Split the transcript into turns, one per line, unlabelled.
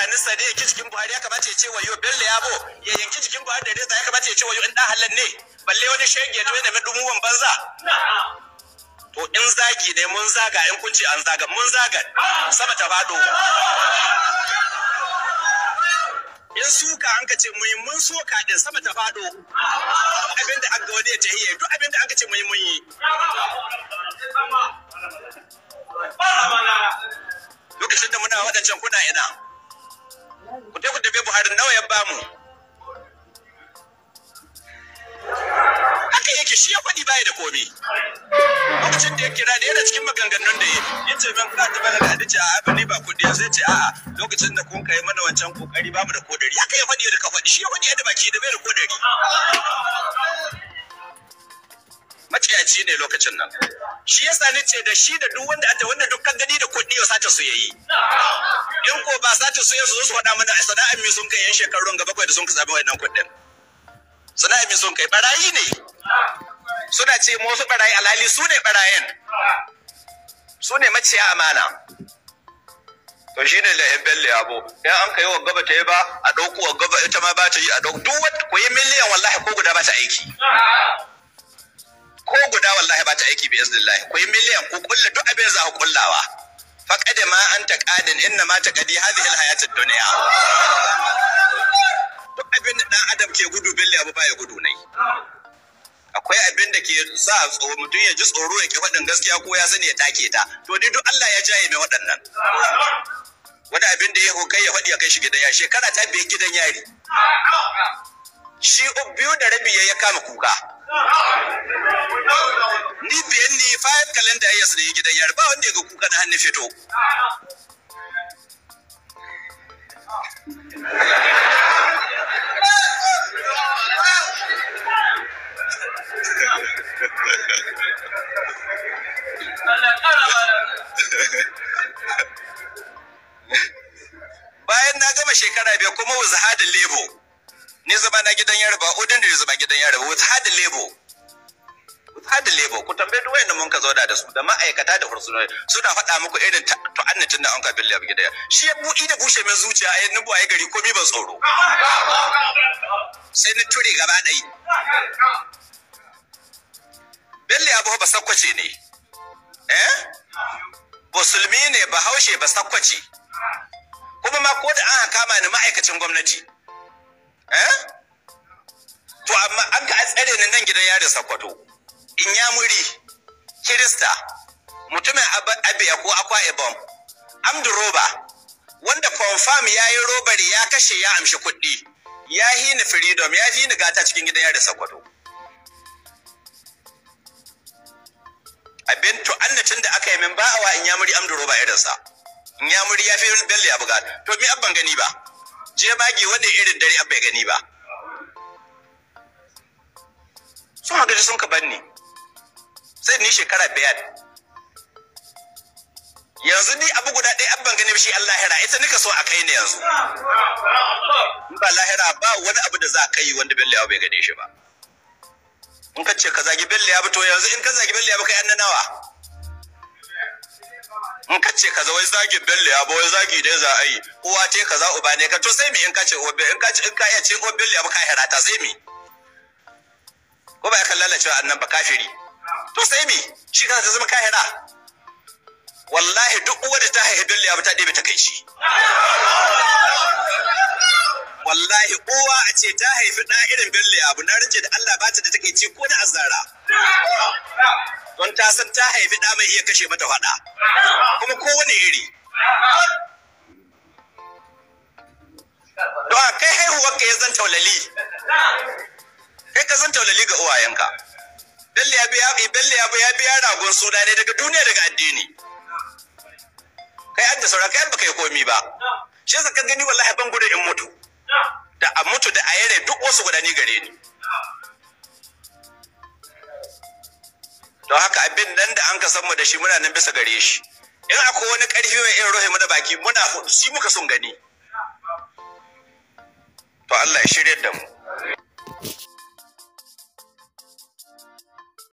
sani sade yanki jikin buhari ya kamata ya ce wayo bello ya bo ya yanki jikin buhari da reza ya kamata ya ce wayo in dan halan ne balle wani shege ya yana mai dumuwan banza to in zagi ne mun zaga in kun ce an zaga mun zaga sama ta fado in suka an ka ce mun soka din sama ta fado abinda an ga wani ya tahiye duk abinda an ka ce muhimmin yi lokacin da muna waɗancan kuna ina ku je ku tafi buhari nawa ya bamu haka yake shi ya faɗi baya da komi lokacin da ya kira da yana cikin maganganun da ya ce min kuna taɓa da da ce a abin ne ba kuɗi ya sai ce a'a lokacin da kun kai mana wancan kokari bamu da kodari haka ya faɗi da ka faɗi shi ya faɗi yadda baki da bai da kodari maciyaci ne lokacin nan shi yasa ni ce da shi da duk wanda da wanda dukkan gani da kuɗi ya sace su yayi
in
ko ba sace su yanzu su faɗa mana sana'a mi sun kai yan shekarun gaba kai da sun kasaba nan kuɗin Sana'a mi sun kai barayi ne suna ce mu su barayi alali su ne barayen su ne maciya amana to shi ne belle abu ya an ka yi gaba ta yi ba a ɗauko gaba ita ma ba ta yi a ɗauko duk wata ku yi miliyan wallahi ko guda ba ta aiki Allah ya bata aiki bi iznillahi ku yi miliyan ku kulla duk abin za ku kullawa faqad ma anta qadin inna ma taqadi hadhihi alhayat ad-dunya duk abin da dan adam ke gudu billa abu baya gudu nai akwai abin da ke sa tsoro mutum ya ji tsoro ya ke faɗin gaskiya ko ya sani ya take ta to ni duk Allah ya jaye mai waɗannan wani abin da ya kai ya faɗi ya kai shi gidan yari shekara ta biyu gidan yari shi biyu da rabi ya kama kuka ni biyan ni five kalenda years da gidan yari ba wanda ya ga kuka da hannu fito ni zama na gidan yari ba odin da zama gidan yari ba with hard labor with hard labor ku tambaye duk wanda mun ka zauna da su da ma'aikata da fursunoni suna faɗa muku irin ta'annatin da an ka billa gidan shi ya buɗi da bushe mai zuciya a yanzu ba gari komi ban tsoro sai ni ture gaba ɗaya billa abu ba sakwace ne eh musulmi ne ba haushe ba sakwace kuma ma ko da an kama ni ma'aikacin gwamnati Eh? to amma an ka tsare ni nan gidan yarin Sokoto in ya muri Kirista mutumin abiya ko akwa ibom amdu roba wanda confirm ya yi robari ya kashe ya amshi kuɗi ya hi ni freedom ya hi ni gata cikin gidan yarin Sokoto abin to annatin da aka yi min ba'awa in ya muri amdu roba irinsa in ya muri ya fi bello ya buga to mi abban gani ba jemage wani irin dare an bai gani ba sun haɗu da sun ka banni sai ni shekara biyar yanzu ni abu guda ɗaya abban gani shi an lahira ita nika so a kai ne yanzu in ba lahira ba wani abu da za ka yi wanda bello bai gane shi ba in ka ce ka zagi bello ya to yanzu in ka zagi bello ya kai an nawa in ka ce ka wai zagin bello ya wai zagi dai za a yi uwa te kaza uba ne ka to sai mi in ka ce obe in ka ce in ka iya ce obe bello abu ba ka hirata sai mi ko ba ya kan lalacewa annan ba kafiri to sai mi shi ka ta zama ka hira wallahi duk uwa da ta haihu bello abu ta ɗebe ta kai shi wallahi uwa a ce ta haifi da irin bello abu na rinje da Allah ba ta da ci ko da azara don ta san ta haifi da mai iya kashe mata fada kuma kowane iri don kai haihuwar ka ya zan taulali kai ka zan taulali ga uwayenka Bello ya biya eh, biya ragon suna ne daga duniya daga addini. kai an da saura kai ba kai komi ba shi yasa ka gani wallahi ban gudu in mutu da a mutu da a yare duk wasu gudani gare ni don haka abin nan da an ka san mu da shi muna nan bisa gare shi in akwai wani karfi mai irin rohe da baki muna shi muka son gani to Allah ya shirya da mu